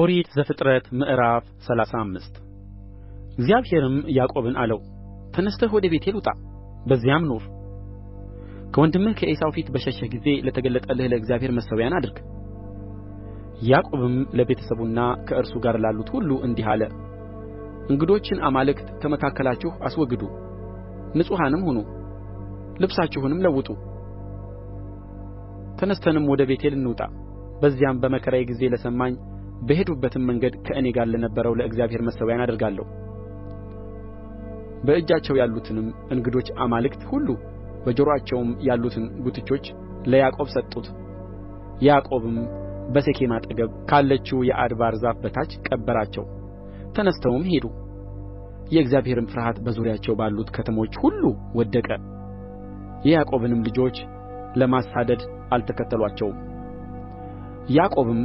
ኦሪት ዘፍጥረት ምዕራፍ ሰላሳ አምስት እግዚአብሔርም ያዕቆብን አለው ተነሥተህ ወደ ቤቴል ውጣ በዚያም ኑር ከወንድምህ ከዔሳው ፊት በሸሸህ ጊዜ ለተገለጠልህ ለእግዚአብሔር መሠዊያን አድርግ ያዕቆብም ለቤተሰቡና ከእርሱ ጋር ላሉት ሁሉ እንዲህ አለ እንግዶችን አማልክት ከመካከላችሁ አስወግዱ ንጹሐንም ሁኑ ልብሳችሁንም ለውጡ ተነሥተንም ወደ ቤቴል እንውጣ በዚያም በመከራዬ ጊዜ ለሰማኝ በሄዱበትም መንገድ ከእኔ ጋር ለነበረው ለእግዚአብሔር መሠዊያን አደርጋለሁ በእጃቸው ያሉትንም እንግዶች አማልክት ሁሉ በጆሮአቸውም ያሉትን ጕትቾች ለያዕቆብ ሰጡት ያዕቆብም በሴኬም አጠገብ ካለችው የአድባር ዛፍ በታች ቀበራቸው ተነሥተውም ሄዱ የእግዚአብሔርም ፍርሃት በዙሪያቸው ባሉት ከተሞች ሁሉ ወደቀ የያዕቆብንም ልጆች ለማሳደድ አልተከተሉአቸውም ያዕቆብም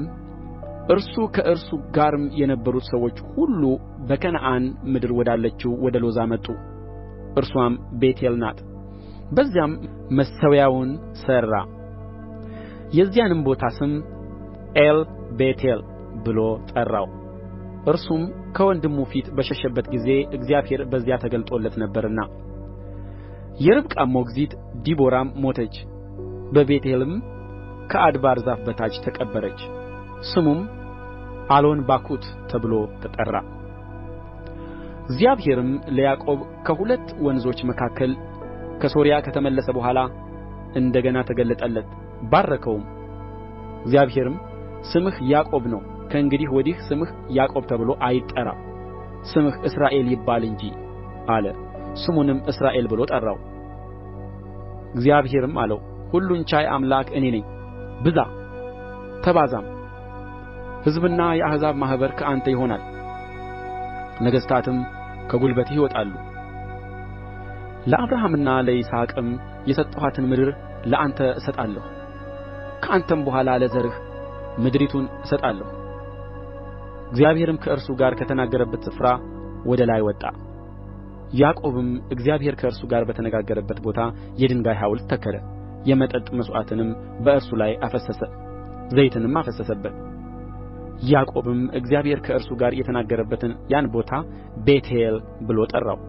እርሱ ከእርሱ ጋርም የነበሩት ሰዎች ሁሉ በከነዓን ምድር ወዳለችው ወደ ሎዛ መጡ እርስዋም ቤቴል ናት በዚያም መሠዊያውን ሠራ የዚያንም ቦታ ስም ኤል ቤቴል ብሎ ጠራው እርሱም ከወንድሙ ፊት በሸሸበት ጊዜ እግዚአብሔር በዚያ ተገልጦለት ነበርና የርብቃም ሞግዚት ዲቦራም ሞተች በቤቴልም ከአድባር ዛፍ በታች ተቀበረች ስሙም አሎንባኩት ተብሎ ተጠራ እግዚአብሔርም ለያዕቆብ ከሁለት ወንዞች መካከል ከሶርያ ከተመለሰ በኋላ እንደ ገና ተገለጠለት ባረከውም እግዚአብሔርም ስምህ ያዕቆብ ነው ከእንግዲህ ወዲህ ስምህ ያዕቆብ ተብሎ አይጠራ ስምህ እስራኤል ይባል እንጂ አለ ስሙንም እስራኤል ብሎ ጠራው እግዚአብሔርም አለው ሁሉን ቻይ አምላክ እኔ ነኝ ብዛ ተባዛም ሕዝብና የአሕዛብ ማኅበር ከአንተ ይሆናል ነገሥታትም ከጕልበትህ ይወጣሉ ለአብርሃምና ለይስሐቅም የሰጠኋትን ምድር ለአንተ እሰጣለሁ ከአንተም በኋላ ለዘርህ ምድሪቱን እሰጣለሁ እግዚአብሔርም ከእርሱ ጋር ከተናገረበት ስፍራ ወደ ላይ ወጣ ያዕቆብም እግዚአብሔር ከእርሱ ጋር በተነጋገረበት ቦታ የድንጋይ ሐውልት ተከለ የመጠጥ መሥዋዕትንም በእርሱ ላይ አፈሰሰ ዘይትንም አፈሰሰበት ያዕቆብም እግዚአብሔር ከእርሱ ጋር የተናገረበትን ያን ቦታ ቤቴል ብሎ ጠራው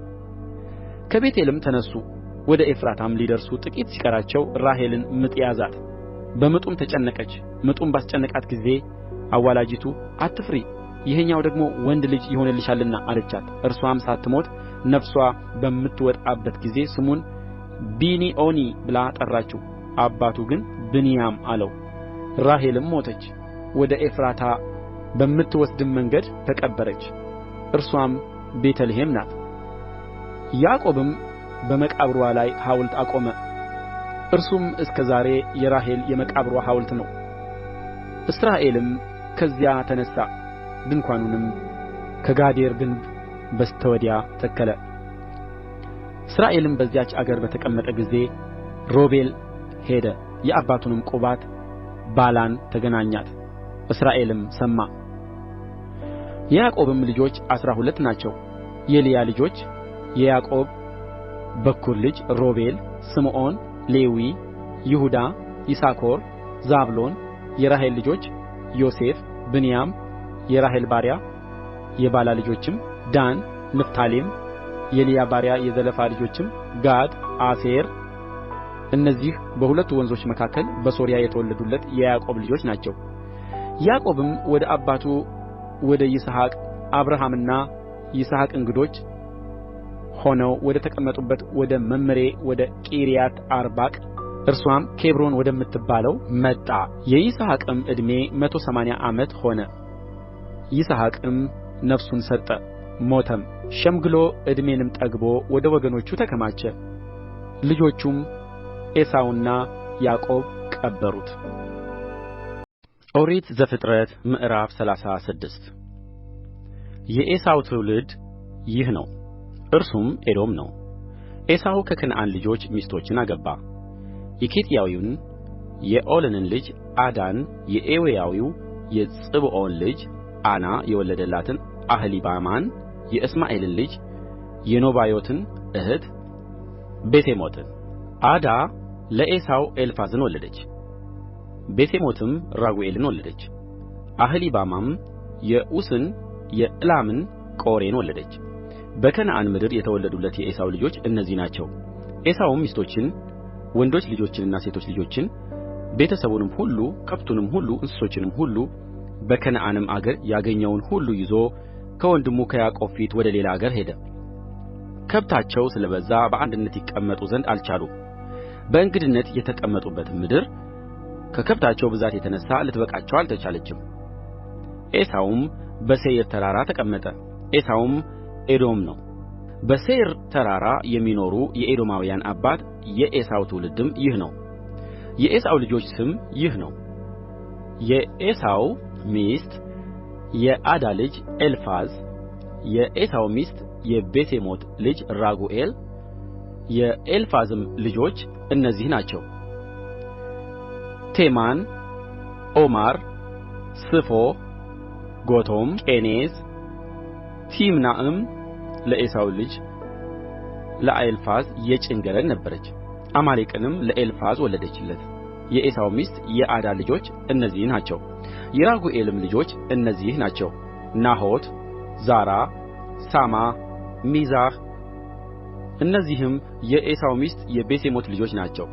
ከቤቴልም ተነሡ ወደ ኤፍራታም ሊደርሱ ጥቂት ሲቀራቸው ራሔልን ምጥ ያዛት በምጡም ተጨነቀች ምጡም ባስጨነቃት ጊዜ አዋላጂቱ አትፍሪ ይኸኛው ደግሞ ወንድ ልጅ ይሆንልሻልና አለቻት እርሷም ሳትሞት ነፍሷ በምትወጣበት ጊዜ ስሙን ቢኒኦኒ ብላ ጠራችው አባቱ ግን ብንያም አለው ራሔልም ሞተች ወደ ኤፍራታ በምትወስድም መንገድ ተቀበረች እርስዋም ቤተ ልሔም ናት ያዕቆብም በመቃብርዋ ላይ ሐውልት አቆመ እርሱም እስከ ዛሬ የራሔል የመቃብርዋ ሐውልት ነው እስራኤልም ከዚያ ተነሣ ድንኳኑንም ከጋዴር ግንብ በስተወዲያ ተከለ እስራኤልም በዚያች አገር በተቀመጠ ጊዜ ሮቤል ሄደ የአባቱንም ቁባት ባላን ተገናኛት እስራኤልም ሰማ የያዕቆብም ልጆች አሥራ ሁለት ናቸው የልያ ልጆች የያዕቆብ በኵር ልጅ ሮቤል ስምዖን ሌዊ ይሁዳ ይሳኮር ዛብሎን የራሔል ልጆች ዮሴፍ ብንያም የራሔል ባሪያ የባላ ልጆችም ዳን ንፍታሌም የልያ ባሪያ የዘለፋ ልጆችም ጋድ አሴር እነዚህ በሁለቱ ወንዞች መካከል በሶርያ የተወለዱለት የያዕቆብ ልጆች ናቸው ያዕቆብም ወደ አባቱ ወደ ይስሐቅ አብርሃምና ይስሐቅ እንግዶች ሆነው ወደ ተቀመጡበት ወደ መምሬ ወደ ቂርያት አርባቅ እርሷም ኬብሮን ወደምትባለው መጣ። የይስሐቅም ዕድሜ መቶ ሰማንያ ዓመት ሆነ። ይስሐቅም ነፍሱን ሰጠ፣ ሞተም። ሸምግሎ ዕድሜንም ጠግቦ ወደ ወገኖቹ ተከማቸ። ልጆቹም ኤሳውና ያዕቆብ ቀበሩት። ኦሪት ዘፍጥረት ምዕራፍ ሰላሳ ስድስት የዔሳው ትውልድ ይህ ነው፣ እርሱም ኤዶም ነው። ኤሳው ከከነዓን ልጆች ሚስቶችን አገባ። የኬጢያዊውን የኦልንን ልጅ አዳን፣ የኤዊያዊው የጽብዖን ልጅ አና የወለደላትን አህሊባማን፣ የእስማኤልን ልጅ የኖባዮትን እህት ቤሴሞትን። አዳ ለኤሳው ኤልፋዝን ወለደች። ቤሴሞትም ራጉኤልን ወለደች አህሊባማም የዑስን የዕላምን ቆሬን ወለደች በከነዓን ምድር የተወለዱለት የዔሳው ልጆች እነዚህ ናቸው ኤሳውም ሚስቶችን ወንዶች ልጆችንና ሴቶች ልጆችን ቤተሰቡንም ሁሉ ከብቱንም ሁሉ እንስሶችንም ሁሉ በከነዓንም አገር ያገኘውን ሁሉ ይዞ ከወንድሙ ከያዕቆብ ፊት ወደ ሌላ አገር ሄደ ከብታቸው ስለ በዛ በአንድነት ይቀመጡ ዘንድ አልቻሉም በእንግድነት የተቀመጡበት ምድር ከከብታቸው ብዛት የተነሣ ልትበቃቸው አልቻለችም ዔሳውም በሴይር ተራራ ተቀመጠ ዔሳውም ኤዶም ነው በሴይር ተራራ የሚኖሩ የኤዶማውያን አባት የዔሳው ትውልድም ይህ ነው የዔሳው ልጆች ስም ይህ ነው የዔሳው ሚስት የአዳ ልጅ ኤልፋዝ የዔሳው ሚስት የቤሴሞት ልጅ ራጉኤል የኤልፋዝም ልጆች እነዚህ ናቸው ቴማን ኦማር ስፎ ጎቶም ቄኔዝ ቲምናዕም ለዔሳው ልጅ ለኤልፋዝ የጭንገረን ነበረች አማሌቅንም ለኤልፋዝ ወለደችለት የዔሳው ሚስት የዓዳ ልጆች እነዚህ ናቸው የራጉኤልም ልጆች እነዚህ ናቸው ናሖት ዛራ ሳማ ሚዛህ እነዚህም የዔሳው ሚስት የቤሴሞት ልጆች ናቸው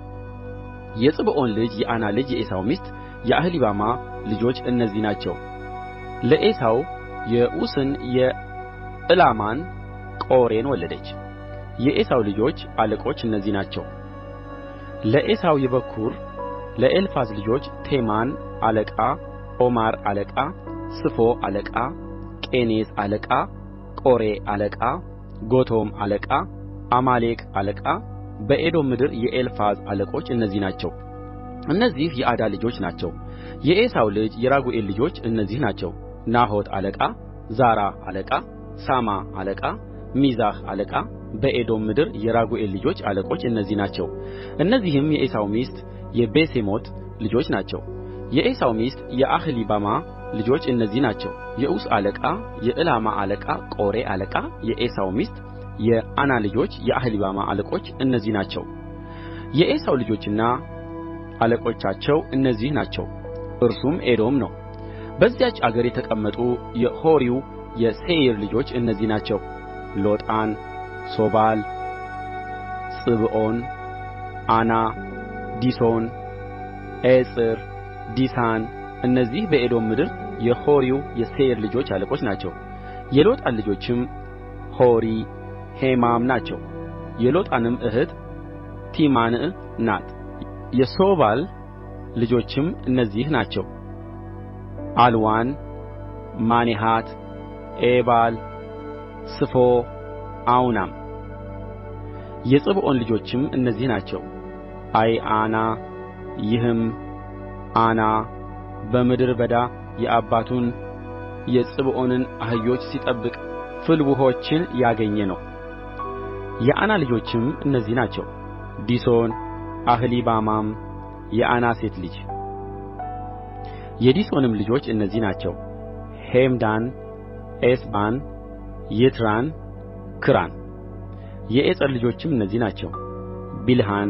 የፅብዖን ልጅ የዓና ልጅ የዔሳው ሚስት የአህሊባማ ልጆች እነዚህ ናቸው ለዔሳው የዑስን የዕላማን ቆሬን ወለደች የዔሳው ልጆች አለቆች እነዚህ ናቸው ለዔሳው የበኵር ለኤልፋዝ ልጆች ቴማን አለቃ ኦማር አለቃ ስፎ አለቃ ቄኔዝ አለቃ ቆሬ አለቃ ጎቶም አለቃ አማሌቅ አለቃ በኤዶም ምድር የኤልፋዝ አለቆች እነዚህ ናቸው እነዚህ የዓዳ ልጆች ናቸው የዔሳው ልጅ የራጉኤል ልጆች እነዚህ ናቸው ናሖት አለቃ ዛራ አለቃ ሳማ አለቃ ሚዛህ አለቃ በኤዶም ምድር የራጉኤል ልጆች አለቆች እነዚህ ናቸው እነዚህም የዔሳው ሚስት የቤሴሞት ልጆች ናቸው የዔሳው ሚስት የአህሊባማ ልጆች እነዚህ ናቸው የዑስ አለቃ የዕላማ አለቃ ቆሬ አለቃ የዔሳው ሚስት የዓና ልጆች የአህሊባማ አለቆች እነዚህ ናቸው የዔሳው ልጆችና አለቆቻቸው እነዚህ ናቸው እርሱም ኤዶም ነው በዚያች አገር የተቀመጡ የሖሪው የሴይር ልጆች እነዚህ ናቸው ሎጣን ሦባል ጽብዖን ዓና ዲሶን ኤጽር ዲሳን እነዚህ በኤዶም ምድር የሖሪው የሴይር ልጆች አለቆች ናቸው የሎጣን ልጆችም ሖሪ ሄማም ናቸው የሎጣንም እኅት ቲምናዕ ናት የሦባል ልጆችም እነዚህ ናቸው ዓልዋን ማኔሐት ኤባል ስፎ አውናም የጽብዖን ልጆችም እነዚህ ናቸው አይዓና ይህም ዓና በምድር በዳ የአባቱን የጽብዖንን አህዮች ሲጠብቅ ፍልውኆችን ያገኘ ነው የዓና ልጆችም እነዚህ ናቸው ዲሶን አህሊባማም የዓና ሴት ልጅ የዲሶንም ልጆች እነዚህ ናቸው ሔምዳን ኤስባን ይትራን ክራን የኤጸር ልጆችም እነዚህ ናቸው ቢልሃን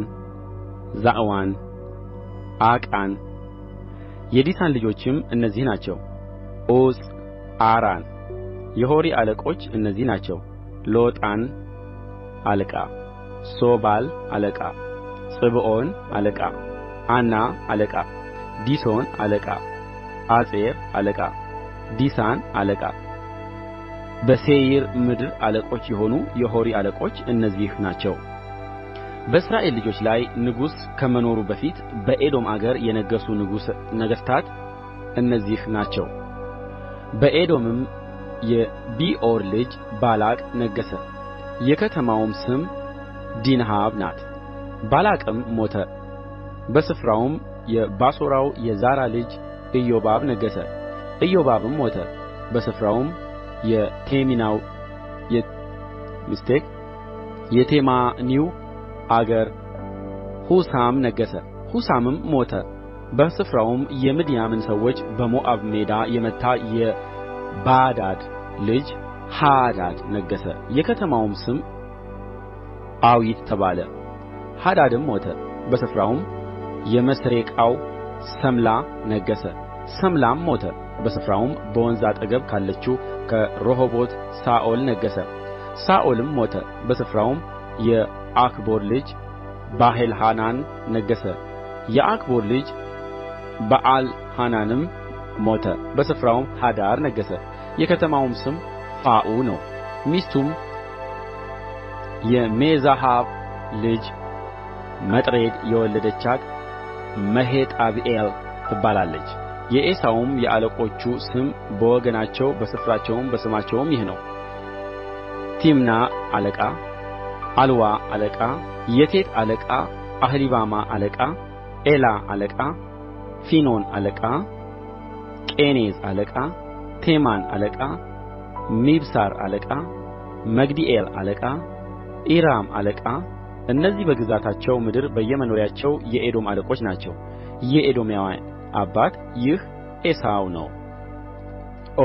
ዛዕዋን አቃን የዲሳን ልጆችም እነዚህ ናቸው ዑፅ አራን የሖሪ አለቆች እነዚህ ናቸው ሎጣን አለቃ ሦባል አለቃ ፅብዖን አለቃ ዓና አለቃ ዲሶን አለቃ አጼር አለቃ ዲሳን አለቃ በሴይር ምድር አለቆች የሆኑ የሖሪ አለቆች እነዚህ ናቸው በእስራኤል ልጆች ላይ ንጉሥ ከመኖሩ በፊት በኤዶም አገር የነገሡ ንጉሥ ነገሥታት እነዚህ ናቸው በኤዶምም የቢዖር ልጅ ባላቅ ነገሠ የከተማውም ስም ዲንሃባ ናት ባላቅም ሞተ በስፍራውም የባሶራው የዛራ ልጅ ኢዮባብ ነገሠ ኢዮባብም ሞተ በስፍራውም የቴማኒው አገር ሑሳም ነገሠ ሑሳምም ሞተ በስፍራውም የምድያምን ሰዎች በሞዓብ ሜዳ የመታ የባዳድ ልጅ ሃዳድ ነገሠ የከተማውም ስም ዓዊት ተባለ ሃዳድም ሞተ በስፍራውም የመሥሬቃው ሰምላ ነገሠ ሰምላም ሞተ በስፍራውም በወንዝ አጠገብ ካለችው ከረሆቦት ሳኦል ነገሠ ሳኦልም ሞተ በስፍራውም የአክቦር ልጅ ባኤልሐናን ነገሠ የአክቦር ልጅ በኣልሐናንም ሞተ በስፍራውም ሃዳር ነገሠ የከተማውም ስም ፋዑ ነው ሚስቱም የሜዛሃብ ልጅ መጥሬድ የወለደቻት መሄጣብኤል ትባላለች የዔሳውም የአለቆቹ ስም በወገናቸው በስፍራቸውም በስማቸውም ይህ ነው ቲምና አለቃ አልዋ አለቃ የቴት አለቃ አህሊባማ አለቃ ኤላ አለቃ ፊኖን አለቃ ቄኔዝ አለቃ ቴማን አለቃ ሚብሳር አለቃ መግዲኤል አለቃ ዒራም አለቃ እነዚህ በግዛታቸው ምድር በየመኖሪያቸው የኤዶም አለቆች ናቸው የኤዶማውያን አባት ይህ ዔሳው ነው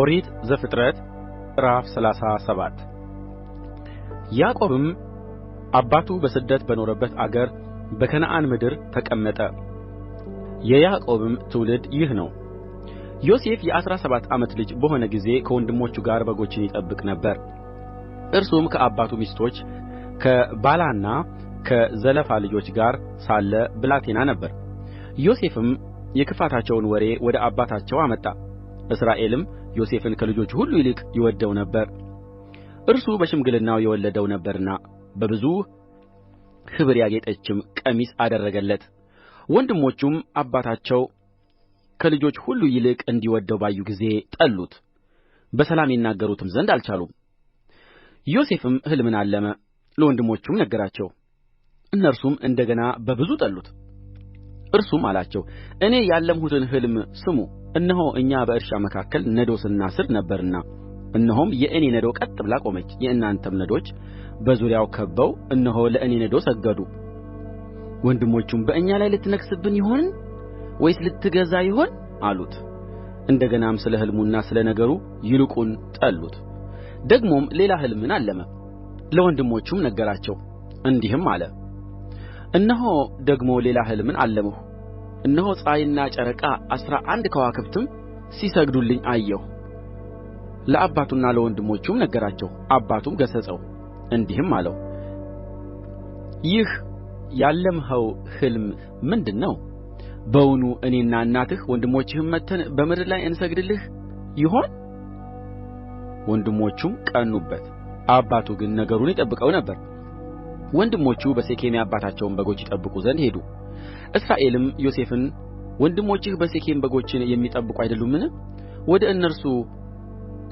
ኦሪት ዘፍጥረት ምዕራፍ ሰላሳ ሰባት ያዕቆብም አባቱ በስደት በኖረበት አገር በከነዓን ምድር ተቀመጠ የያዕቆብም ትውልድ ይህ ነው ዮሴፍ የአሥራ ሰባት ዓመት ልጅ በሆነ ጊዜ ከወንድሞቹ ጋር በጎችን ይጠብቅ ነበር እርሱም ከአባቱ ሚስቶች ከባላና ከዘለፋ ልጆች ጋር ሳለ ብላቴና ነበር። ዮሴፍም የክፋታቸውን ወሬ ወደ አባታቸው አመጣ። እስራኤልም ዮሴፍን ከልጆቹ ሁሉ ይልቅ ይወደው ነበር፣ እርሱ በሽምግልናው የወለደው ነበርና በብዙ ኅብር ያጌጠችም ቀሚስ አደረገለት። ወንድሞቹም አባታቸው ከልጆች ሁሉ ይልቅ እንዲወደው ባዩ ጊዜ ጠሉት በሰላም ይናገሩትም ዘንድ አልቻሉም ዮሴፍም ሕልምን አለመ ለወንድሞቹም ነገራቸው እነርሱም እንደ ገና በብዙ ጠሉት እርሱም አላቸው እኔ ያለምሁትን ሕልም ስሙ እነሆ እኛ በእርሻ መካከል ነዶ ስናስር ነበርና እነሆም የእኔ ነዶ ቀጥ ብላ ቆመች የእናንተም ነዶች በዙሪያው ከብበው እነሆ ለእኔ ነዶ ሰገዱ ወንድሞቹም በእኛ ላይ ልትነግሥብን ይሆን ወይስ ልትገዛ ይሆን አሉት እንደ ገናም ስለ ሕልሙና ስለ ነገሩ ይልቁን ጠሉት ደግሞም ሌላ ሕልምን አለመ ለወንድሞቹም ነገራቸው እንዲህም አለ እነሆ ደግሞ ሌላ ሕልምን አለምሁ እነሆ ፀሐይና ጨረቃ አሥራ አንድ ከዋክብትም ሲሰግዱልኝ አየሁ ለአባቱና ለወንድሞቹም ነገራቸው አባቱም ገሠጸው እንዲህም አለው ይህ ያለምኸው ሕልም ምንድር ነው በውኑ እኔና እናትህ ወንድሞችህም መጥተን በምድር ላይ እንሰግድልህ ይሆን ወንድሞቹም ቀኑበት አባቱ ግን ነገሩን ይጠብቀው ነበር ወንድሞቹ በሴኬም የአባታቸውን በጎች ይጠብቁ ዘንድ ሄዱ እስራኤልም ዮሴፍን ወንድሞችህ በሴኬም በጎችን የሚጠብቁ አይደሉምን ወደ እነርሱ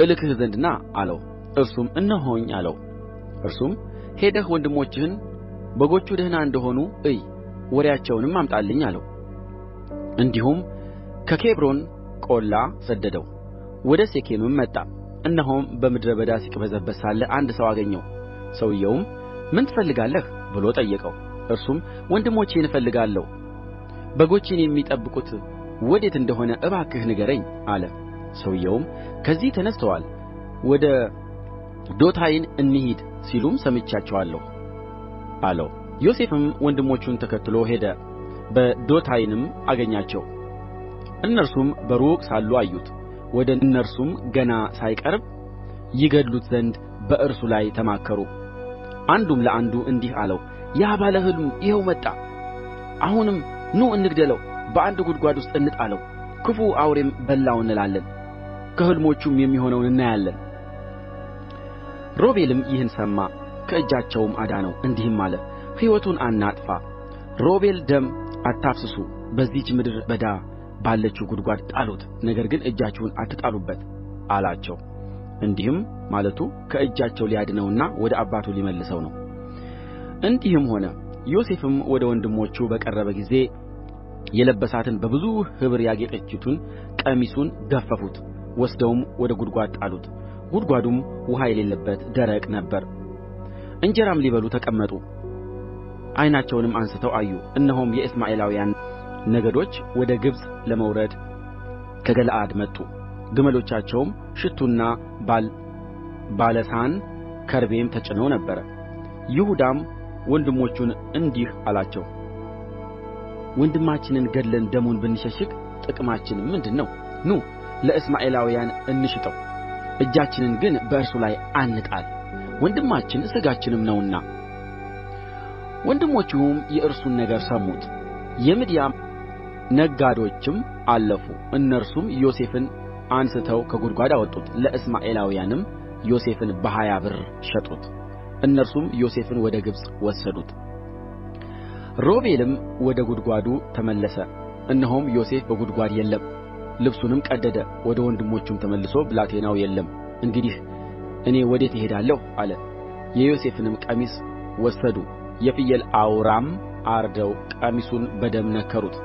እልክህ ዘንድ ና አለው እርሱም እነሆኝ አለው እርሱም ሄደህ ወንድሞችህን በጎቹ ደህና እንደሆኑ እይ ወሬአቸውንም አምጣልኝ አለው እንዲሁም ከኬብሮን ቈላ ሰደደው ወደ ሴኬምም መጣ እነሆም በምድረ በዳ ሲቅበዘበዝ ሳለ አንድ ሰው አገኘው ሰውዮውም ምን ትፈልጋለህ ብሎ ጠየቀው እርሱም ወንድሞቼን እፈልጋለሁ በጎቼን የሚጠብቁት ወዴት እንደ ሆነ እባክህ ንገረኝ አለ ሰውዮውም ከዚህ ተነሥተዋል ወደ ዶታይን እንሂድ ሲሉም ሰምቻቸዋለሁ አለው ዮሴፍም ወንድሞቹን ተከትሎ ሄደ በዶታይንም አገኛቸው እነርሱም በሩቅ ሳሉ አዩት ወደ እነርሱም ገና ሳይቀርብ ይገድሉት ዘንድ በእርሱ ላይ ተማከሩ አንዱም ለአንዱ እንዲህ አለው ያ ባለ ሕልም ይኸው መጣ አሁንም ኑ እንግደለው በአንድ ጕድጓድ ውስጥ እንጣለው ክፉ አውሬም በላው እንላለን ከሕልሞቹም የሚሆነውን እናያለን ሮቤልም ይህን ሰማ ከእጃቸውም አዳነው እንዲህም አለ ሕይወቱን አናጥፋ ሮቤል ደም አታፍስሱ በዚህች ምድረ በዳ ባለችው ጕድጓድ ጣሉት ነገር ግን እጃችሁን አትጣሉበት አላቸው እንዲህም ማለቱ ከእጃቸው ሊያድነውና ወደ አባቱ ሊመልሰው ነው እንዲህም ሆነ ዮሴፍም ወደ ወንድሞቹ በቀረበ ጊዜ የለበሳትን በብዙ ኅብር ያጌጠችቱን ቀሚሱን ገፈፉት፣ ወስደውም ወደ ጒድጓድ ጣሉት። ጒድጓዱም ውኃ የሌለበት ደረቅ ነበር። እንጀራም ሊበሉ ተቀመጡ። ዓይናቸውንም አንሥተው አዩ እነሆም የእስማኤላውያን ነገዶች ወደ ግብፅ ለመውረድ ከገለዓድ መጡ ግመሎቻቸውም ሽቱና ባለሳን ከርቤም ተጭነው ነበር ይሁዳም ወንድሞቹን እንዲህ አላቸው ወንድማችንን ገድለን ደሙን ብንሸሽግ ጥቅማችን ምንድር ነው ኑ ለእስማኤላውያን እንሽጠው እጃችንን ግን በእርሱ ላይ አንጣል ወንድማችን ሥጋችንም ነውና ወንድሞቹም የእርሱን ነገር ሰሙት የምድያም ነጋዶችም አለፉ እነርሱም ዮሴፍን አንሥተው ከጕድጓድ አወጡት ለእስማኤላውያንም ዮሴፍን በሀያ ብር ሸጡት እነርሱም ዮሴፍን ወደ ግብፅ ወሰዱት ሮቤልም ወደ ጕድጓዱ ተመለሰ እነሆም ዮሴፍ በጕድጓድ የለም ልብሱንም ቀደደ ወደ ወንድሞቹም ተመልሶ ብላቴናው የለም እንግዲህ እኔ ወዴት እሄዳለሁ አለ የዮሴፍንም ቀሚስ ወሰዱ የፍየል አውራም አርደው ቀሚሱን በደም ነከሩት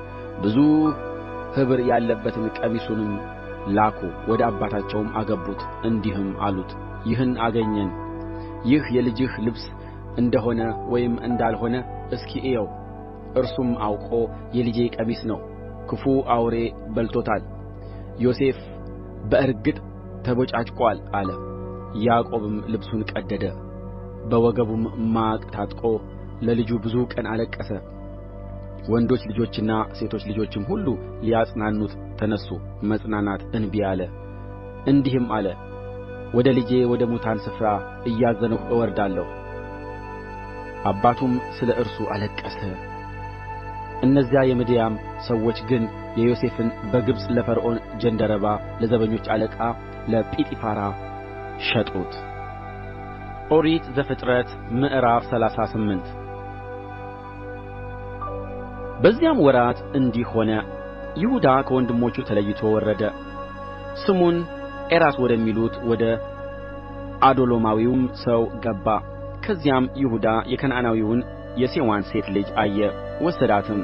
ብዙ ኅብር ያለበትን ቀሚሱንም ላኩ ወደ አባታቸውም አገቡት እንዲህም አሉት ይህን አገኘን ይህ የልጅህ ልብስ እንደሆነ ወይም እንዳልሆነ እስኪ እየው እርሱም አውቆ የልጄ ቀሚስ ነው ክፉ አውሬ በልቶታል ዮሴፍ በእርግጥ ተበጫጭቋል አለ ያዕቆብም ልብሱን ቀደደ በወገቡም ማቅ ታጥቆ ለልጁ ብዙ ቀን አለቀሰ ወንዶች ልጆችና ሴቶች ልጆችም ሁሉ ሊያጽናኑት ተነሡ መጽናናት እንቢ አለ እንዲህም አለ ወደ ልጄ ወደ ሙታን ስፍራ እያዘንሁ እወርዳለሁ አባቱም ስለ እርሱ አለቀሰ እነዚያ የምድያም ሰዎች ግን የዮሴፍን በግብፅ ለፈርዖን ጀንደረባ ለዘበኞች አለቃ ለጲጢፋራ ሸጡት ኦሪት ዘፍጥረት ምዕራፍ ሰላሳ ስምንት በዚያም ወራት እንዲህ ሆነ ይሁዳ ከወንድሞቹ ተለይቶ ወረደ ስሙን ኤራስ ወደሚሉት ወደ ዓዶሎማዊውም ሰው ገባ ከዚያም ይሁዳ የከነዓናዊውን የሴዋን ሴት ልጅ አየ ወሰዳትም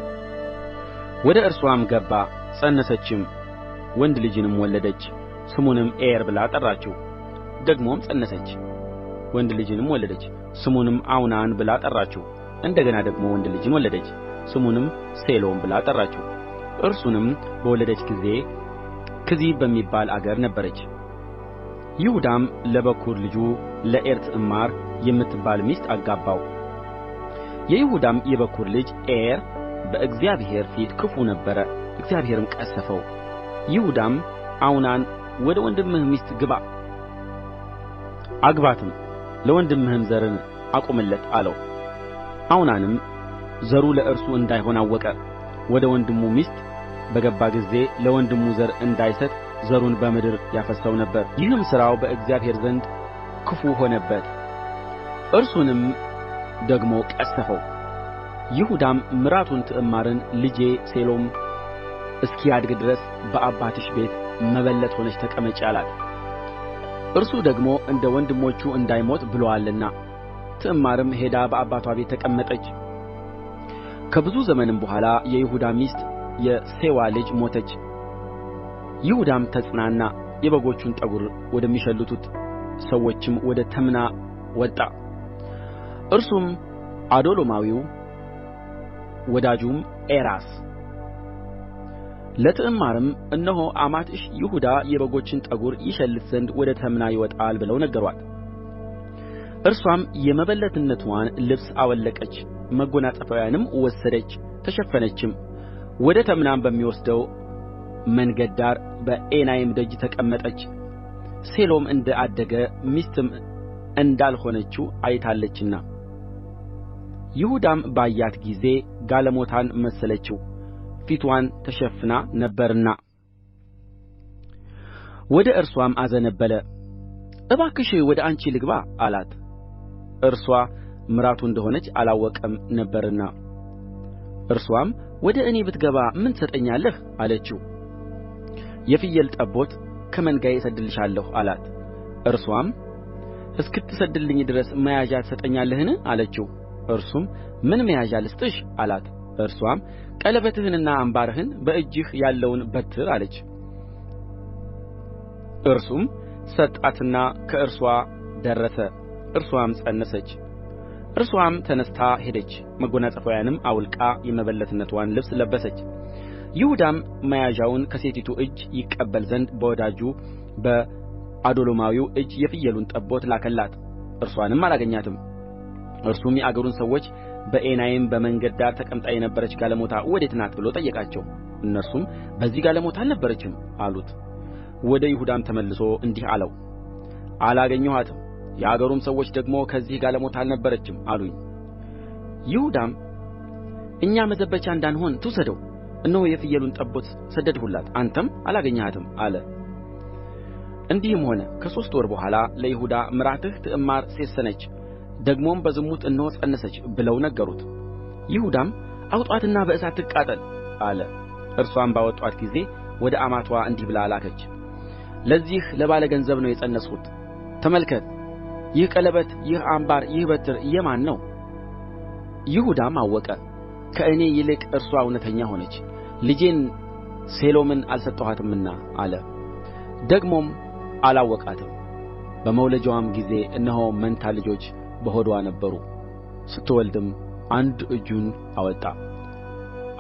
ወደ እርሷም ገባ ጸነሰችም ወንድ ልጅንም ወለደች ስሙንም ኤር ብላ ጠራችው ደግሞም ጸነሰች ወንድ ልጅንም ወለደች ስሙንም አውናን ብላ ጠራችው እንደ ገና ደግሞ ወንድ ልጅን ወለደች ስሙንም ሴሎም ብላ ጠራችው እርሱንም በወለደች ጊዜ ክዚብ በሚባል አገር ነበረች ይሁዳም ለበኵር ልጁ ለዔርትዕማር የምትባል ሚስት አጋባው የይሁዳም የበኵር ልጅ ኤር በእግዚአብሔር ፊት ክፉ ነበረ እግዚአብሔርም ቀሠፈው ይሁዳም አውናን ወደ ወንድምህ ሚስት ግባ አግባትም ለወንድምህም ዘርን አቁምለት አለው አውናንም ዘሩ ለእርሱ እንዳይሆን አወቀ ወደ ወንድሙ ሚስት በገባ ጊዜ ለወንድሙ ዘር እንዳይሰጥ ዘሩን በምድር ያፈስሰው ነበር ይህም ሥራው በእግዚአብሔር ዘንድ ክፉ ሆነበት እርሱንም ደግሞ ቀሠፈው ይሁዳም ምራቱን ትዕማርን ልጄ ሴሎም እስኪያድግ ድረስ በአባትሽ ቤት መበለት ሆነች ተቀመጪ አላት እርሱ ደግሞ እንደ ወንድሞቹ እንዳይሞት ብሎአልና ትዕማርም ሄዳ በአባቷ ቤት ተቀመጠች ከብዙ ዘመንም በኋላ የይሁዳ ሚስት የሴዋ ልጅ ሞተች ይሁዳም ተጽናና የበጎቹን ጠጕር ወደሚሸልቱት ሰዎችም ወደ ተምና ወጣ እርሱም አዶሎማዊው ወዳጁም ኤራስ ለትዕማርም እነሆ አማትሽ ይሁዳ የበጎችን ጠጕር ይሸልት ዘንድ ወደ ተምና ይወጣል ብለው ነገሯት እርሷም የመበለትነትዋን ልብስ አወለቀች መጐናጸፊያዋንም ወሰደች ተሸፈነችም ወደ ተምናም በሚወስደው መንገድ ዳር በኤናይም ደጅ ተቀመጠች ሴሎም እንደ አደገ ሚስትም እንዳልሆነችው አይታለችና ይሁዳም ባያት ጊዜ ጋለሞታን መሰለችው ፊትዋን ተሸፍና ነበርና ወደ እርሷም አዘነበለ እባክሽ ወደ አንቺ ልግባ አላት እርሷ ምራቱ እንደ ሆነች አላወቀም ነበርና እርስዋም ወደ እኔ ብትገባ ምን ትሰጠኛለህ አለችው የፍየል ጠቦት ከመንጋዬ እሰድልሻለሁ አላት እርስዋም እስክትሰድልኝ ድረስ መያዣ ትሰጠኛለህን አለችው እርሱም ምን መያዣ ልስጥሽ አላት እርሷም ቀለበትህንና አምባርህን በእጅህ ያለውን በትር አለች እርሱም ሰጣትና ከእርሷ ደረሰ እርሷም ፀነሰች እርስዋም ተነሥታ ሄደች መጐናጸፊያዋንም አውልቃ የመበለትነትዋን ልብስ ለበሰች ይሁዳም መያዣውን ከሴቲቱ እጅ ይቀበል ዘንድ በወዳጁ በዓዶሎማዊው እጅ የፍየሉን ጠቦት ላከላት እርሷንም አላገኛትም እርሱም የአገሩን ሰዎች በኤናይም በመንገድ ዳር ተቀምጣ የነበረች ጋለሞታ ወዴት ናት ብሎ ጠየቃቸው እነርሱም በዚህ ጋለሞታ አልነበረችም አሉት ወደ ይሁዳም ተመልሶ እንዲህ አለው አላገኘኋትም የአገሩም ሰዎች ደግሞ ከዚህ ጋለሞታ አልነበረችም አሉኝ ይሁዳም እኛ መዘበቻ እንዳንሆን ትውሰደው እነሆ የፍየሉን ጠቦት ሰደድሁላት አንተም አላገኘሃትም አለ እንዲህም ሆነ ከሦስት ወር በኋላ ለይሁዳ ምራትህ ትዕማር ሴሰነች ደግሞም በዝሙት እነሆ ፀነሰች ብለው ነገሩት ይሁዳም አውጧትና በእሳት ትቃጠል አለ እርሷም ባወጧት ጊዜ ወደ አማትዋ እንዲህ ብላ ላከች ለዚህ ለባለ ገንዘብ ነው የጸነስሁት። ተመልከት ይህ ቀለበት ይህ አምባር ይህ በትር የማን ነው ይሁዳም አወቀ ከእኔ ይልቅ እርስዋ እውነተኛ ሆነች ልጄን ሴሎምን አልሰጠኋትምና አለ ደግሞም አላወቃትም በመውለጃዋም ጊዜ እነሆ መንታ ልጆች በሆድዋ ነበሩ ስትወልድም አንድ እጁን አወጣ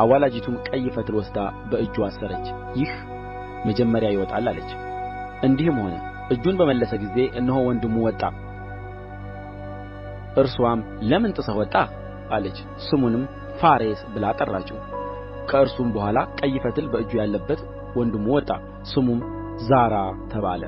አዋላጂቱም ቀይ ፈትል ወስዳ በእጁ አሰረች ይህ መጀመሪያ ይወጣል አለች እንዲህም ሆነ እጁን በመለሰ ጊዜ እነሆ ወንድሙ ወጣ እርስዋም ለምን ጥስህ ወጣህ አለች ስሙንም ፋሬስ ብላ ጠራችው ከእርሱም በኋላ ቀይ ፈትል በእጁ ያለበት ወንድሙ ወጣ ስሙም ዛራ ተባለ